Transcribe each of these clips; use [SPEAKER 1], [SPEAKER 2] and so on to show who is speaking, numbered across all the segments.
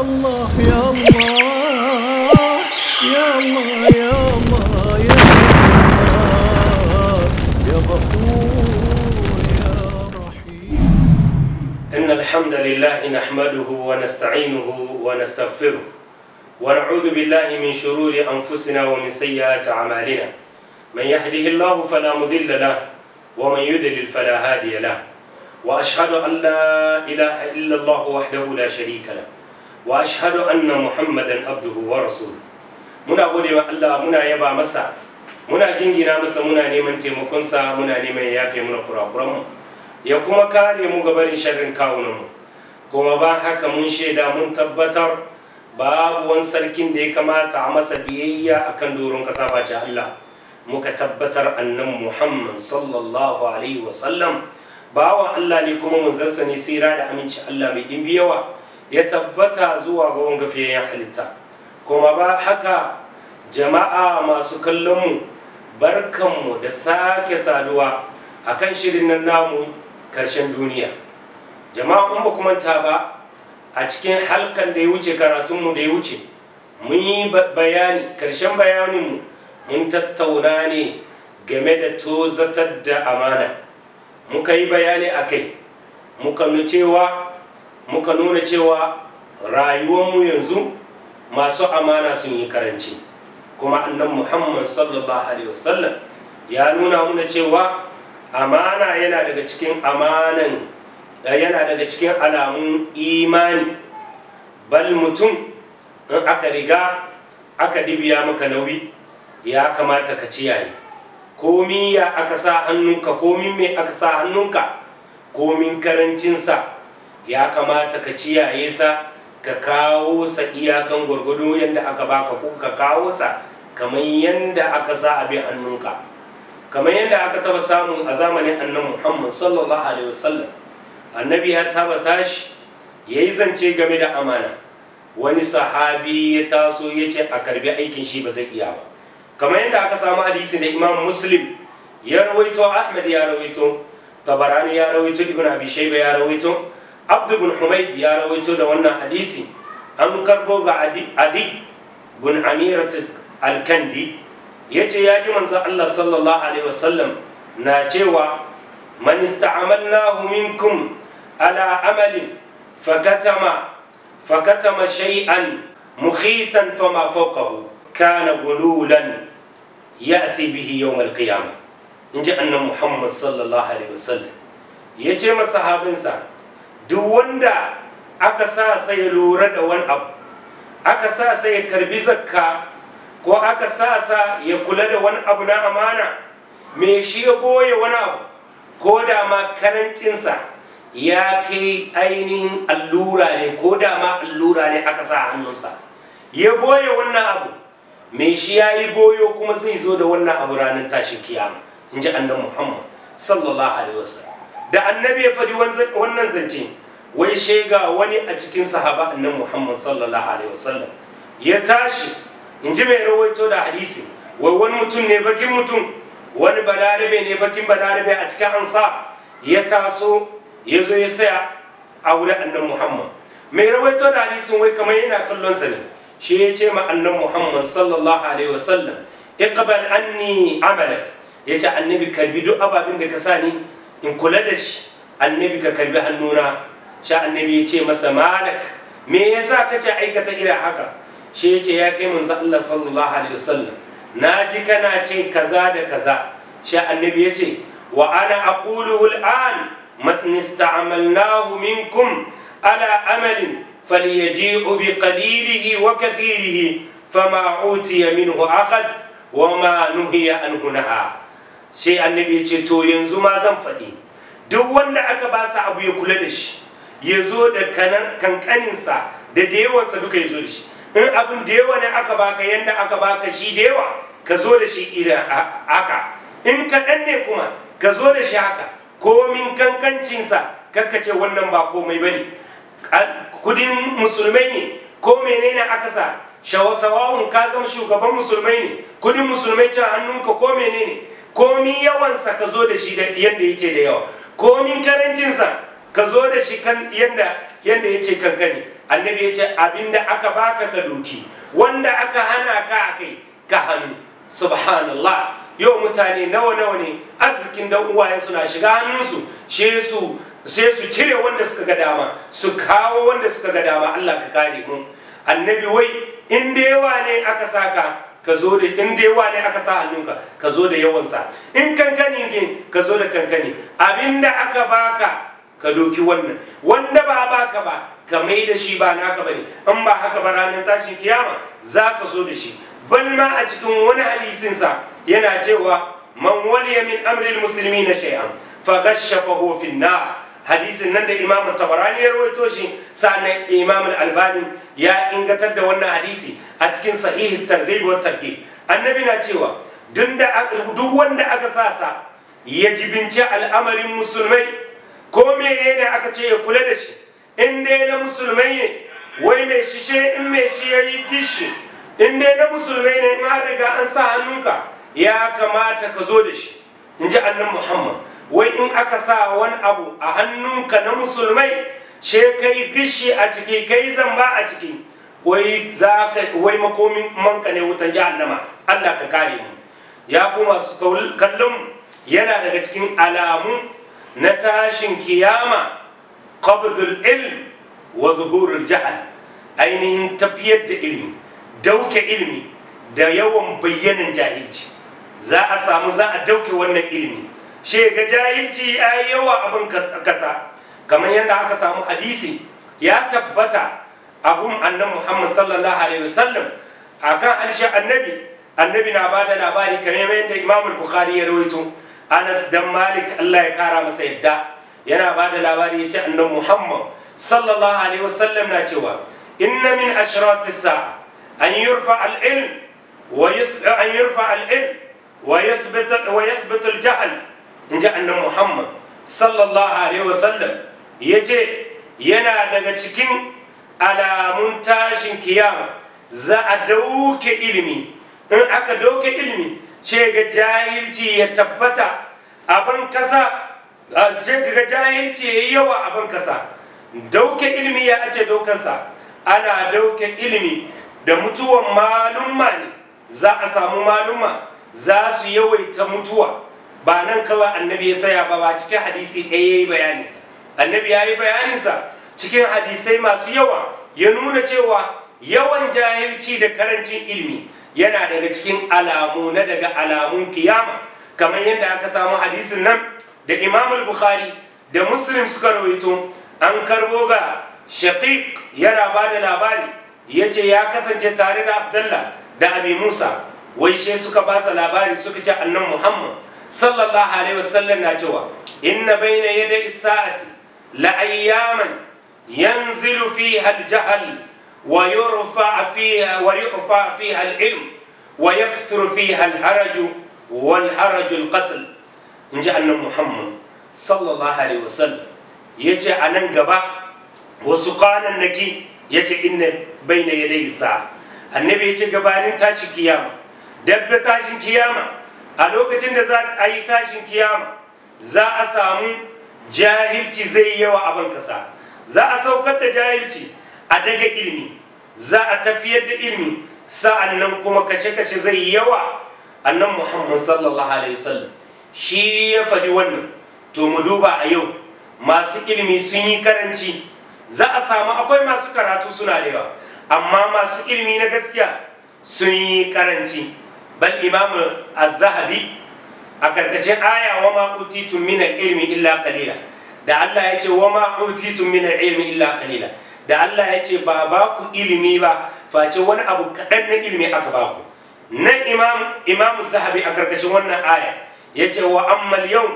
[SPEAKER 1] الله يا الله يا الله يا الله يا الله يا غفور يا رحيم إن الحمد لله نحمده ونستعينه ونستغفره ونعوذ بالله من شرور أنفسنا ومن سيئات أعمالنا من يهده الله فلا مضل له ومن يضلل فلا هادي له وأشهد أن لا إله إلا الله وحده لا شريك له wa ashhadu anna muhammadan abduhu wa rasul muna gode wa Allah muna yaba masa muna jingina masa muna neman taimakonsa muna neman yafe muna kurakuranmu ya kuma kare mu ga barin sharrin kawunanmu kuma ba haka mun shaida mun tabbatar babu wani sarkin da ya kamata a masa biyayya akan doron kasa face Allah muka tabbatar annan Muhammad sallallahu alaihi wasallam bawan Allah ne kuma mun zassani sira da aminci Allah mai dimbi yawa ya tabbata zuwa ga wanga fiye ya halitta kuma ba haka jama'a masu kallonmu barkanmu da sake saduwa a kan shirin nan namu karshen duniya jama'a in ba kuma ta ba a cikin halkan da ya wuce karatunmu da ya wuce mun yi bayani karshen bayaninmu mun tattauna ne game da tozatar da amana muka yi bayani a kai muka cewa muka nuna cewa rayuwanmu yanzu masu amana sun yi karanci kuma annan muhammad sallallahu alaihi wasallam ya nuna muna cewa amana yana daga cikin amanan eh, yana daga cikin alamun imani bal mutum in aka riga aka dibiya maka nauyi ya kamata ka ciyaye komi ya aka sa hannunka komin me aka sa hannunka komin karancinsa ya kamata ka ciyaye sa ka kawo sa iyakan gwargwado yadda aka baka ko ka kawo sa kamar yadda aka sa abin hannunka kamar yadda aka taba samu a zamanin annan muhammad sallallahu alaihi wasallam annabi ya taba tashi ya yi zance game da amana wani sahabi ya taso ya ce a karbi aikin shi ba zai iya ba kamar yadda aka samu hadisi da imam muslim ya rawaito ahmad ya rawaito tabarani ya rawaito ibn abi shaiba ya rawaito abdu bin humaid ya rawaito da wannan hadisi an karbo ga adi bin amirat alkandi ya ce ya ji manzo allah sallallahu alaihi wasallam na cewa man ista'amalnahu minkum ala amalin fakatama fakatama shay'an mukhitan fama fawqahu kana gululan ya'ti bihi yawm al-qiyamah inji annabi muhammad sallallahu alaihi wasallam yace masahabinsa duk wanda aka sa sai ya lura da wani abu aka sa sai ya karbi zakka ko aka sa sa ya kula da wani abu na amana me shi ya goye wani abu ko da ma karancinsa ya kai ainihin allura ne ko da ma allura ne aka sa hannunsa ya goye wannan abu me shi ya yi goyo kuma zai zo da wannan abu ranar tashin kiyama in ji annan muhammad sallallahu alaihi wasallam da annabi ya faɗi wannan zance wai shega wani a cikin sahaba annan muhammad sallallahu alaihi wasallam ya tashi in ji mai rawaito da hadisi wai wani mutum ne bakin mutum wani balarabe ne bakin balarabe a cikin ansa ya taso ya zo ya saya a wurin annan muhammad mai rawaito da hadisin wai kamar yana kallon sa ne shi ya ce ma annan muhammad sallallahu alaihi wasallam iqbal anni amalak ya annabi karbi duk ababin da ka sani in kula da shi annabi ka karbi hannuna sha annabi ya ce masa malak me yasa kace aikata irin haka shi ya ce ya kai manzo Allah sallallahu alaihi wasallam na ji kana ce kaza da kaza sha annabi ya ce wa ana aqulu al'an masta'amalnahu minkum ala amalin falyaji'u bi qalilihi wa kathirihi fama utiya minhu akhad wa ma nuhiya anhu naha sai annabi ya ce to yanzu ma zan faɗi duk wanda aka ba sa abu ya kula da shi ya zo da kankaninsa da da yawansa duka ya zo da shi in abin da yawa ne aka baka yadda aka baka shi da yawa ka zo da shi ira haka in kaɗan ne kuma ka zo da shi haka komin kankancinsa ce wannan ba komai ba ne kudin musulmai ne ko menene aka sa shawasawawun ka zama shugaban musulmai ne kudin musulmai can hannunka ko menene komi yawansa ka zo da shi yadda yake da yawa komi karancinsa ka zo da shi yadda yadda yake kankani annabi ya ce abinda aka baka ka doki wanda aka hana ka a kai ka hannu subhanallah yau mutane nawa nawa ne arzikin dan suna shiga hannunsu sai su sai su cire wanda suka ga dama su kawo wanda suka ga dama Allah ka kare mu annabi wai in da yawa ne aka saka ka zo da in dai wane aka sa hannunka ka zo da yawansa in kankani ne ka zo da kankani abinda aka baka ka doki wannan wanda ba baka ba ka mai da shi ba naka bane in ba haka ba ranar tashin kiyama za ka zo da shi bal ma a cikin wani hadisinsa yana cewa man waliya min amril na shay'an fa ghashshafahu fi nar hadisin nan da imam tabarani ya rawaito shi sannan imam albani ya ingantar da wannan hadisi a cikin sahih targhib wa targhib annabi na cewa duk wanda aka sasa ya jibince al'amarin musulmai ko menene aka ce ya kula da shi in dai na musulmai ne wai mai shishe in mai shi ya yi gishi in dai na musulmai ne ma daga riga an sa hannunka ya kamata ka zo da shi in ji annan muhammad wai in aka sa wani abu a hannunka na musulmai she kai gishi a ciki kai zamba a ciki wai za ka wai makomin manka ne wutan jahannama Allah ka kare mu ya ku masu kallon yana daga cikin alamu na tashin kiyama qabdul ilm wa zuhurul jahl ainihin tafiyar da ilmi dauke ilmi da yawan bayyanan jahilci za a samu za a dauke wannan ilmi she ga jahilci ayi yawa abin kasa kamar yanda aka samu hadisi ya tabbata abun annan muhammad sallallahu alaihi wasallam akan alshi annabi annabi na bada labari kamar yadda imam bukhari ya rawaito anas dan malik allah ya kara masa yadda yana bada labari ya ce muhammad sallallahu alaihi wasallam na cewa inna min ashratis sa'a an yurfa al-ilm wa an yurfa al-ilm wa yathbut wa al-jahl ji annan muhammad sallallahu alaihi wasallam ya ce yana daga cikin alamun tashin kiyama za a dauke ilimi in aka dauke ilimi ce ga jahilci ya tabbata abin kasa ce ga jahilci ya yi yawa abin kasa dauke ilimi ya ake daukansa ana dauke ilimi da mutuwan malumma ne za a samu malumma za su yawaita mutuwa ba nan kawai annabi ya saya ba ba cikin hadisi ɗaya ya yi bayaninsa annabi ya yi bayaninsa cikin hadisai masu yawa ya nuna cewa yawan jahilci da karancin ilimi yana daga cikin alamu na daga alamun kiyama kamar yadda aka samu hadisin nan da imam al-bukhari da muslim suka rawaito an karbo ga shaqiq yana ba da labari ya ce ya kasance tare da abdullah da abi musa wai suka ba labari suka ce annan muhammad sallallahu alaihi wasallam na cewa inna baina yadai sa'ati la ayyaman yanzilu fiha al-jahl wa yurfa fiha wa yurfa fiha al-ilm wa yakthuru fiha al-haraj wal haraj al-qatl inji annabi muhammad sallallahu alaihi wasallam yace anan gaba wasu kanan naki yace inna baina yadai sa'a annabi yace gabanin tashi kiyama dabba tashin kiyama a lokacin da za a yi tashin kiyama za a samu jahilci zai yawa a bankasa za a saukar da jahilci a daga ilmi za a tafiyar da ilmi sa'annan kuma kace-kace zai yawa annan muhammad sallallahu alaihi wasallam shi ya faɗi wannan to mu duba a yau masu ilmi sun yi karanci za a samu akwai masu karatu suna da yawa amma masu ilmi na gaskiya sun yi karanci bal imamu az-zahabi a karkashin aya wa ma utitun min ilmi illa qalila da Allah ya ce wa ma utitun min ilmi illa qalila da Allah ya ce ba ba ku ilimi ba face wani abu kaɗan na ilimi aka ba ku nan imam imam zahabi a karkashin wannan aya ya ce wa ammal yau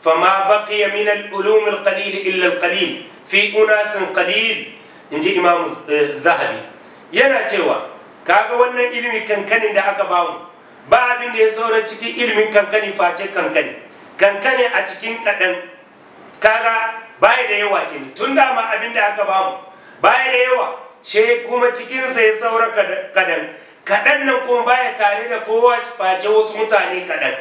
[SPEAKER 1] fa ma baƙi ya ulum ulumin qalil illa al-qalil fi unasin qalil inji imam eh, zahabi yana cewa kaga wannan ilimi kankanin da aka bamu ba abin da ya saura cikin ilimin kankani face kankani kankani a cikin kaɗan kaga baya da yawa ne tun dama abin da aka bamu baya da yawa she kuma cikinsa ya saura kaɗan kaɗan nan kuma baya tare da kowa face wasu mutane kaɗan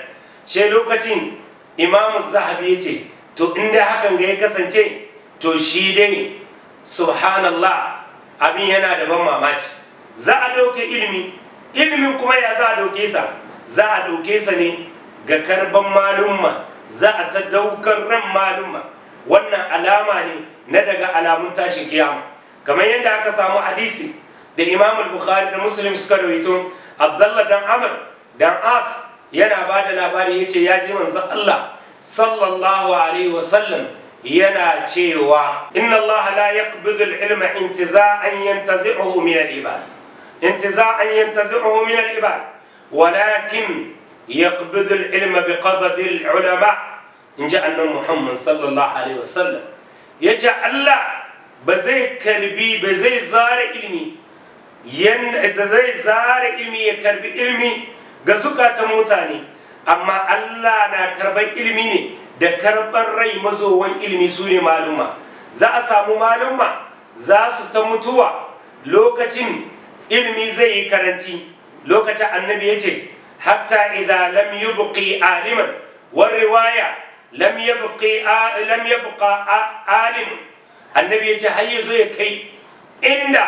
[SPEAKER 1] she lokacin imamu zahabi ce to inda hakan ga ya kasance to shi dai subhanallah abin yana da ban mamaci za a ɗauke ilimi Ilmin kuma ya za a dauke sa za a dauke sa ne ga karban malumma za a ta daukar ran malumma wannan alama ne na daga alamun tashin kiyama kamar yadda aka samu hadisi da imam bukhari da muslim suka rawaito abdullah dan amr dan as yana ba da labari ya ce ya ji manzo allah sallallahu alaihi Sallam yana cewa inna allaha la yaqbidu al-ilma intiza'an yantazi'uhu min al-ibad انتزاعا ينتزعه من العباد ولكن يقبض العلم بقبض العلماء إن جاء أن محمد صلى الله عليه وسلم يجعل الله بزي كربي بزي زار علمي ين زي زار علمي يكربي علمي غزوكا تموتاني أما الله نا كربي علمي ني da karɓar rai mazowan ilimi su ne maluma za a samu maluma za su ta mutuwa lokacin Ilmi zai yi karanci lokacin annabi ya ce hatta idza lam yubqi aliman war riwaya lam yabqi lam yubqa alim annabi ya ce har yazo ya kai inda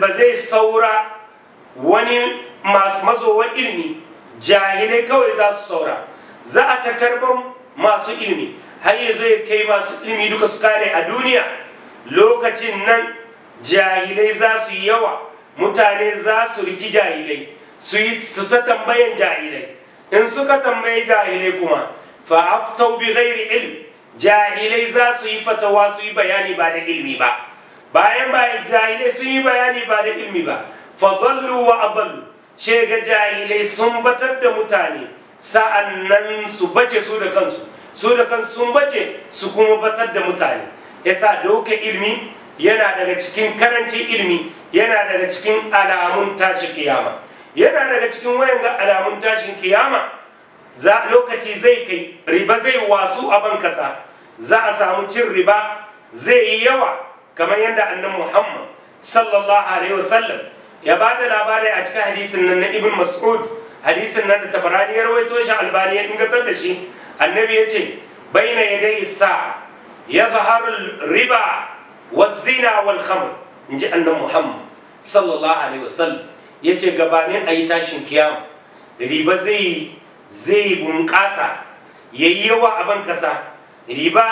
[SPEAKER 1] ba zai saura wani mazowar ilimi jahilai kawai za su saura za a ta karban masu ilimi har yazo ya kai masu ilmi duka su kare a duniya lokacin nan jahilai za su yawa mutane za su riki jahilai su yi ta tambayan jahilai in suka tambayi jahilai kuma fa bi ghairi ilm jahilai za su yi fatawa su yi bayani ba da ilmi ba bayan bayan jahilai sun yi bayani ba da ilmi ba fa dallu wa adallu ga jahilai sun batar da mutane sa'an nan su bace su da kansu su da kansu sun bace su kuma batar da mutane yasa doka ilmi yana daga cikin karancin ilmi yana daga cikin alamun tashin kiyama yana daga cikin wayan ga alamun tashin kiyama za lokaci zai kai riba zai wasu a ban kasa za a samu cin riba zai yi yawa kamar yadda annan muhammad sallallahu alaihi wasallam ya ba da labarai a cikin hadisin nan na ibn mas'ud hadisin nan da tabarani ya rawaito shi albani ya ingantar da shi annabi ya ce baina yadai sa'a ya zaharar riba wa zina wal khamr in ji annan muhammad sallallahu alaihi wasallam ya ce gabanin a yi tashin kiyama riba zai zai bunƙasa ya yi yawa a ban kasa riba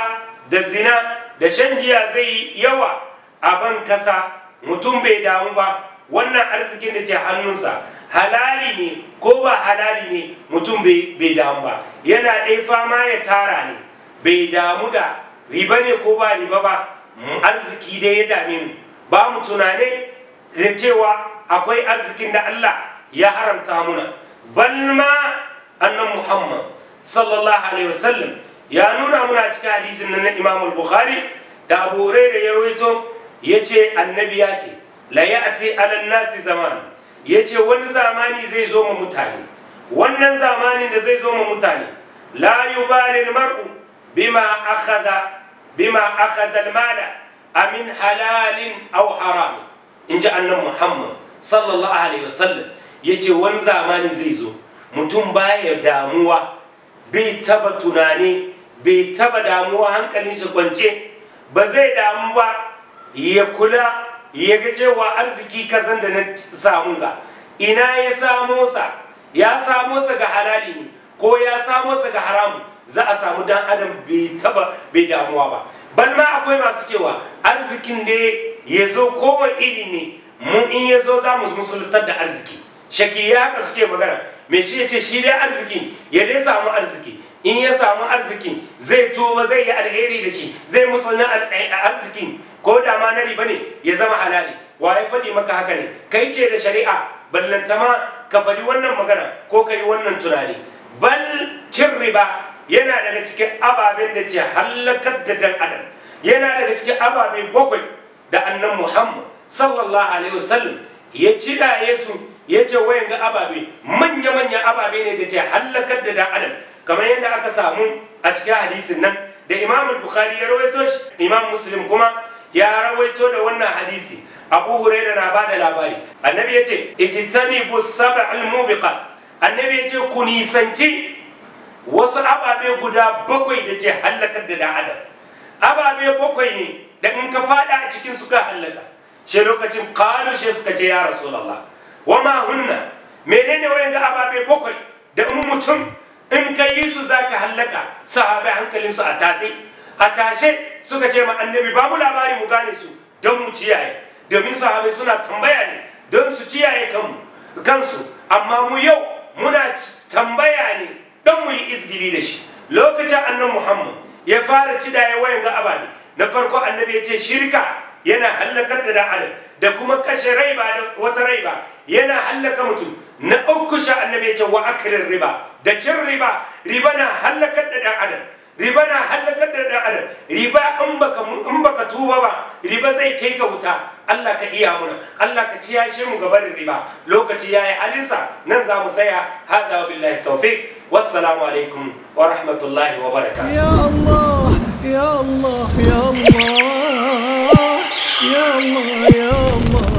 [SPEAKER 1] da zina da shan jiya zai yi yawa a ban kasa mutum bai damu ba wannan arzikin da ce hannunsa halali ne ko ba halali ne mutum bai damu ba yana ɗai fama ya tara ne bai damu da riba ne ko ba riba ba arziki da ya dame mu ba mu tunane da cewa akwai arzikin da Allah ya haramta muna balma annan Muhammad sallallahu alaihi wasallam ya nuna muna cikin hadisin nan na Imam Bukhari da Abu da ya rawaito yace annabi ya ce la ya'ti nasi zaman yace wani zamani zai zo ma mutane wannan zamanin da zai zo ma mutane la yubali mar'u bima akhadha bima akhadha al-mala amin halalin aw haramin in ji annan muhammad sallallahu alaihi wasallam ya ce wani zamani zai zo mutum baya damuwa bai taba tunani bai taba damuwa hankalin shi kwance ba zai damu ba ya kula ya ga cewa arziki kasan da na samu ga ina ya samo sa ya samo sa ga halali ne ko ya samo sa ga haramu za a samu dan adam bai taba bai damuwa ba ban akwai masu cewa arzikin da ya zo kowa iri ne mu in ya zo za mu musuluntar da arziki shaki ya haka suke magana mai shi ya ce shi dai arziki ya dai samu arziki in ya samu arziki zai tuba zai yi alheri da shi zai musulun eh, arziki ko da ma na riba ne ya zama halali wa ya faɗi maka haka ne kai ce da shari'a ma ka faɗi wannan magana ko ka yi wannan tunani bal cin riba yana daga cikin ababen da ke hallakar da dan adam yana daga cikin ababen bakwai da annan muhammad sallallahu alaihi wasallam ya cidaye su ya ce wayan ga ababe manya manya ababe ne da ke hallakar da da adam kamar yadda aka samu a cikin hadisin nan da imam bukhari ya rawaito shi imam muslim kuma ya rawaito da wannan hadisi abu huraira na ba da labari annabi ya ce ijitani bu almubiqat annabi ya ce ku nisanci wasu ababe guda bakwai da ke hallakar da da adam ababe bakwai ne Da in ka fada a cikin suka hallaka shi lokacin kano shi suka ce ya rasu wa wama hunna menene da ababe bakwai da in mutum in ka yi su za ka hallaka sahabai hankalin su a tatse a tashe suka ce ma annabi ba mu labari mu gane su don mu ciyaye domin sahabai suna tambaya ne don su ciyaye kanmu kansu amma mu yau muna tambaya ne don mu yi izgili da shi lokacin annan muhammad ya fara da ya wayan ga ababe na farko annabi ya ce shirka yana hallakar da dan adam da kuma kashe rai ba da wata rai ba yana hallaka mutum na uku sha annabi ya ce wa akalin riba da cin riba riba na hallakar da dan adam riba na hallakar da dan adam riba in baka in baka tuba ba riba zai kai ka wuta Allah ka iya muna Allah ka ciya shi mu gabarin riba lokaci yayi halinsa nan za mu saya hada billahi tawfiq wassalamu alaikum wa rahmatullahi wa barakatuh يا الله يا الله يا الله يا الله